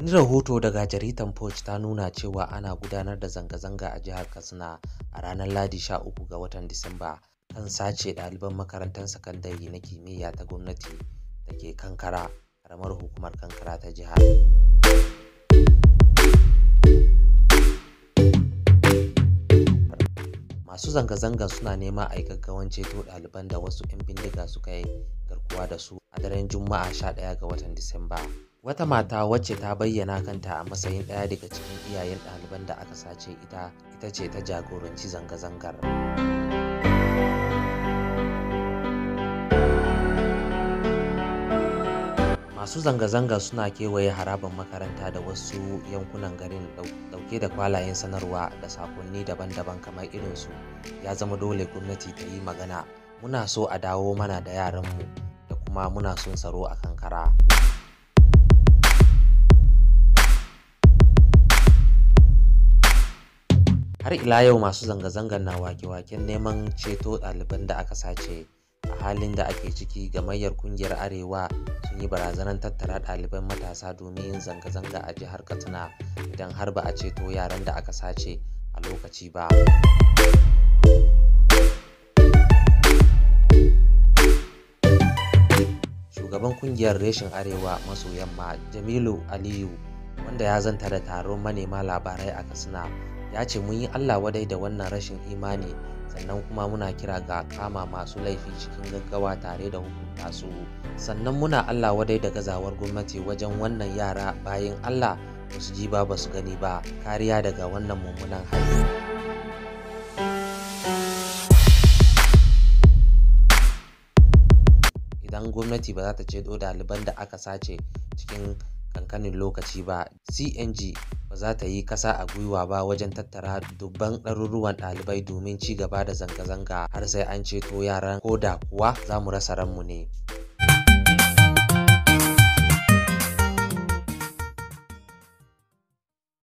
Wani rahoto daga jaridar Punch ta nuna cewa ana gudanar da zanga-zanga a jihar Katsina a ranar Ladi 13 ga watan Disamba kan sace ɗaliban makarantar sakandare na kimiyya ta gwamnati da ke Kankara, ƙaramar hukumar Kankara ta jihar. Masu zanga-zanga suna neman a yi gaggawan ceto ɗaliban da wasu 'yan bindiga suka yi garkuwa da su a daren Juma'a 11 ga watan Disamba. Wata mata wacce ta bayyana kanta a matsayin ɗaya daga cikin iyayen ɗaliban da aka sace ita ita ce ta jagoranci zanga-zangar. Masu zanga-zanga suna kewaye harabar makaranta da wasu yankunan garin dauke da kwalayen sanarwa da sakonni daban-daban kamar irinsu ya zama dole gwamnati ta yi magana muna so a dawo mana da yaranmu da kuma muna son tsaro a kankara. har ila yau masu zanga-zangar na wake-waken neman ceto ɗaliban da aka sace a halin da ake ciki gamayyar kungiyar arewa sun yi barazanar tattara ɗaliban matasa domin zanga-zanga a jihar katsina idan har ba a ceto yaran da aka sace a lokaci ba shugaban kungiyar reshen arewa maso yamma jamilu aliyu wanda ya zanta da taron manema labarai a katsina ya ce mun yi Allah wadai da wannan rashin imani sannan kuma muna kira ga kama masu laifi cikin gaggawa tare da hukunta su sannan muna Allah wadai da gazawar gwamnati wajen wannan yara bayan Allah ba su ji ba su gani ba kariya daga wannan mummunan hali. idan gwamnati ba za ta ce ɗaliban da aka sace cikin kankanin lokaci ba cng ba za ta yi kasa a gwiwa ba wajen tattara dubban ɗaruruwan ɗalibai domin ci gaba da zanga-zanga har sai an ceto yaran ko da kuwa za mu rasa ranmu ne.